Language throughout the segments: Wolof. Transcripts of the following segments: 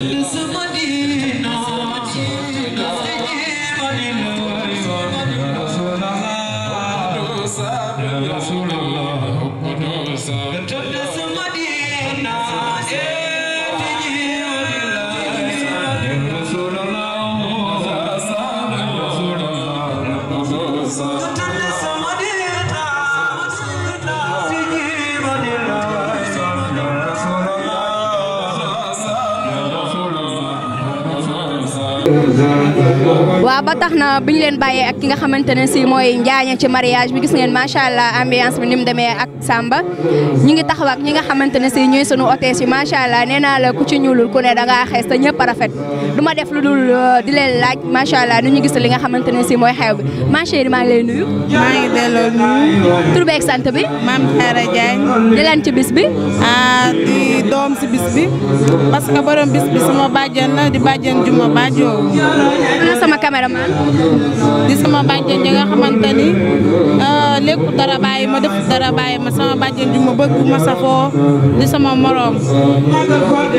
This money. waaw ba tax na bi ñu leen bàyyee ak ki nga xamante ne si mooy njaaña ci mariage bi gis neen macha allah ambiance bi ni mu demee ak Samba ñu ngi tax ak ñi nga xamante ne si ñooy sunu hôtesse yi macha allah nee naa la ku ci ñuulul ku ne danga xees te ñëpp rafet du ma def lu dul euh, di leen laaj macha allah nu ñu gis li nga xamante ne si mooy xew bi ma maa ngi lay maa ngi delloo nuyu. tur beeg sant bi. maam Diarra Diagne. ci bis bi. ah di doom si bis bi parce que borom bis bi sama bàjjen la di bàjjen ju ma bàjjoo. ana sama caméraman. di sama bàjjen yi nga ah, ma def dara bàyyi ma sama bàjjen ju di sama morom.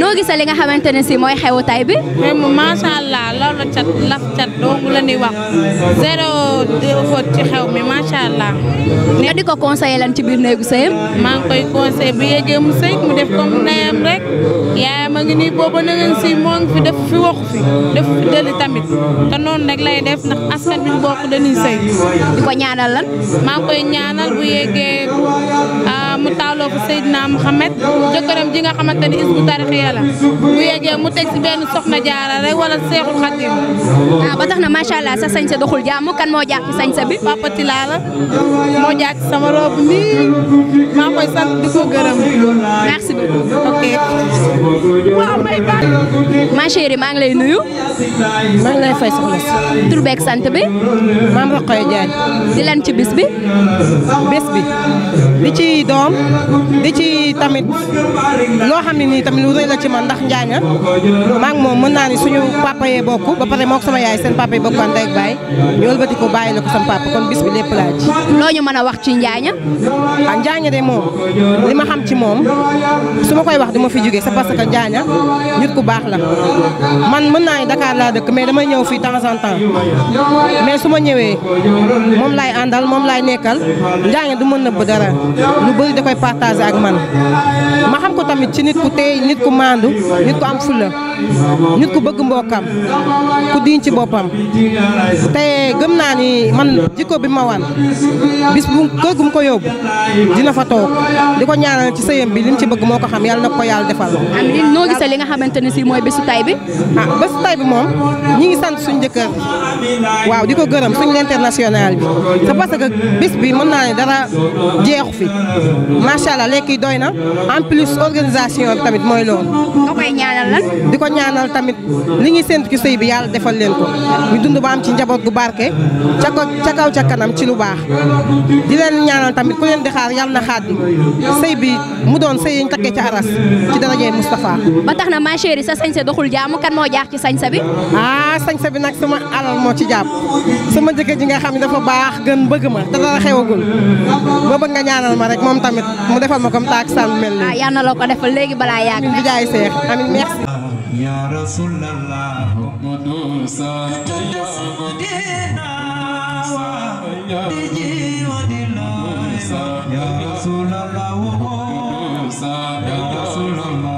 noo gisee li nga xamante ne si mooy xewu bi. xew allah loolu cat laf cat doomu la ñuy wax zéro faute ci xew mi macha allah. nga di ko conseiller lan ci biir néegu sëyam maa ngi koy conseiller bu yeggee mu sëy mu def comme ndeyam rek yaayam a ngi nii booba na ngeen si moo ngi fi def fi waxu fi def fi dëli tamit te noonu rek lay def ndax askan bi mu bokk dañuy sëy di ko ñaanal lan maa koy ñaanal bu yeggee ah, mu taaloo fa Seydina Mouhamed jëkkëram ji nga xamante ni is bu tarixiya la bu yeggee mu teg si benn soxna jaara rek wala seexul xatim ah, ba tax na macha allah sa sañse doxul jàmm kan jàcc sama robe nii maa koy sant di ko gërëm merci beaucoup ok. ma chérie maa ngi lay nuyu. maa ngi lay fay soxna si. tur sant bi. maam Roqoy Diagne. di lan ci bis bi. bis bi di ci doom di ci tamit loo xam ne nii tamit lu rëy la ci man ndax Njaaña maa ngi moom mën ni suñu papa yee bokk ba pare moo sama yaay sen papa yi bokk ak ndey ak baay ñu wëlbati ko bàyyi la ko sama papa kon bis bi lépp laa ci. loo ñu wax Njaaña. Ah, de moom li ma xam ci moom su ma koy wax du fi jógee sa parce que Njaaña nit ku baax la man mën naa ne Dakar laa dëkk mais damay ñëw fii temps en temps mais su ma ñëwee moom laay àndal moom laay nekkal Njaaña du mën nëbb dara lu bëri da koy partager ak man ma xam ko tamit ci nit ku teey nit ku maandu nit ku am fulla nit ku bëgg mbokkam ku diiñ ci boppam te gëm naa ni man jikko bi ma wan bis bu kër gu mu ko yóbbu dina fa toog di ko ñaanal ci sëyam bi li mu ci bëgg moo ko xam yàlla na ko yàlla defal. amiin noo gisee li nga xamante ne si mooy bésu tay bi. ah bésu tay bi moom ñi ngi sant suñu jëkkër waaw di ko gërëm suñu international bi c'est parce que bés bi mën naa ne dara jeexu fi macha allah lekk doy na en plus organisation tamit mooy loolu. nga koy ñaanal ñaanal tamit ni ngi sentu ci sey bi yalla defal len ko ñu dund ba am ci njabot gu barke ca ko ca kaw ca kanam ci lu baax di len ñaanal tamit ku len di xaar yalla na xaddu sey bi mu doon sey yiñ takké ci aras ci darajee mustafa ba taxna ma chérie sa sañsa doxul jaamu kan mo jaax ci sañsa bi ah sañsa bi nak suma alal mo ci jaam suma jëkkër ji nga xamni dafa baax gën bëgg ma da dara xewagul ba bëgg nga ñaanal ma rek mom tamit mu defal ma kom taak sam mel ah yalla na la ko defal légui bala yaak jaay amin merci Ya Rasulallah Kudusa Kudusa Kudusa Kudusa Kudusa Ya Rasulallah Kudusa Ya Rasulallah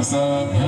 Yes, sir.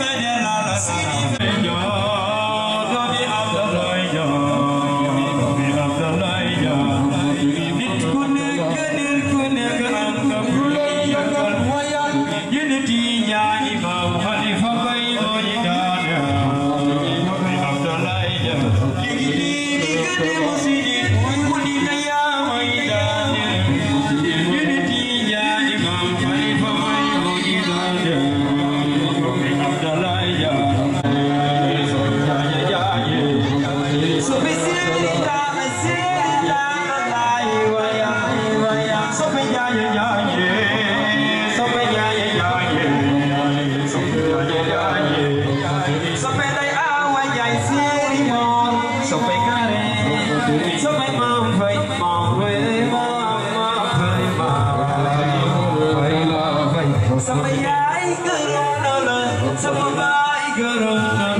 Somebody, I could run alone. Somebody, I could run alone.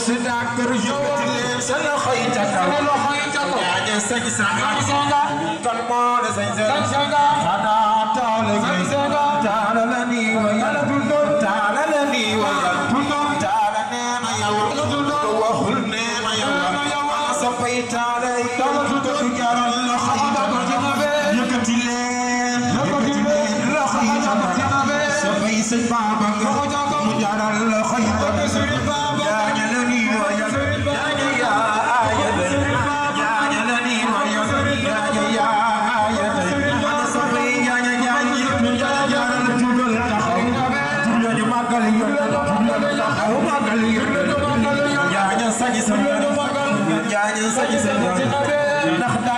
si docteur yow sa loxo yi ca kaw sa loxo yi ca kaw yaa ngi sañ sanga sañ sanga kan moo la sañ sanga xanaa taale ngay taale la nii سيدنا محمد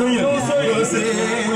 Sonho, você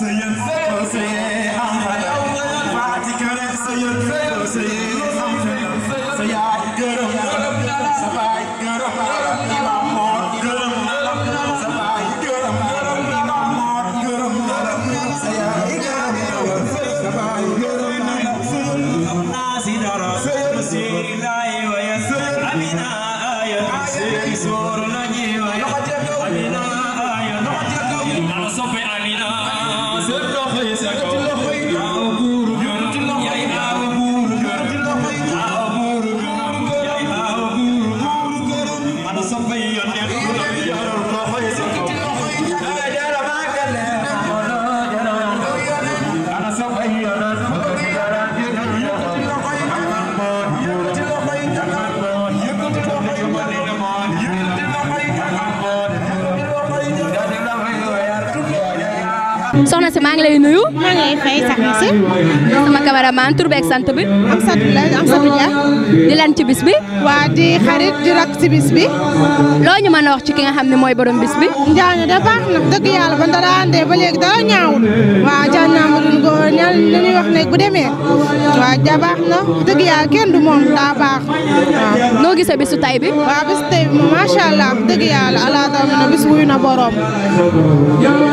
Hüseyin, Hüseyin, Hamdan Fatih Köre Hüseyin, Hüseyin, Hamdan Sayar Görüm, Sabah Görüm, soxna si maa ngi lay nuyu. maa ngi lay ya, fay sax si. sama cameraman tur beeg sant bi. am sant la am sant la. di lan ci bis bi. waa di xarit di rak ci bis bi. loo ñu mën a wax ci ki nga xam ne mooy borom bis bi. Njaaño de baax na dëgg yàlla ba dara andee ba léegi dara ñaawul. waa Njaaño Amadou Ngoor ñal li ñuy wax ne bu demee. waa ja baax na dëgg yàlla kenn du moom daa baax. waaw noo gisee bisu tay bi. waa bisu tay bi macha allah dëgg yàlla ala taw bi na bis wuyu na borom.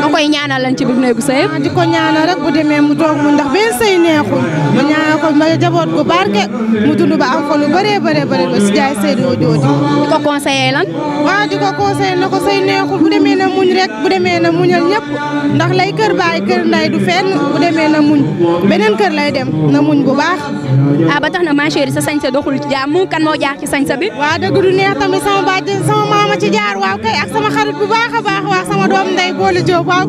nga koy ñaanal lan ci bis bëgg di ko ñaanal bu demee mu toog mu ndax benn sëy neexul mu ñaanal ko ma jaboot gu barke mu dund ba am ko lu bëree si jaay Seydou Diodi ko conseillé lan waaw di ko conseillé na ko sëy neexul bu demee na muñ rek bu demee na muñal ñëpp ndax lay kër baay kër nday du fenn bu demee na muñ beneen kër lay dem na muñ bu baax ah ba tax na ma chérie sa sañsa doxul ci jàmm kan moo jaar ci sañsa bi waaw dëgg du neex tamit sama bàjjen sama maama ci jaar waaw kay ak sama xarit bu baax a baax waaw sama doom nday boole Jóob waaw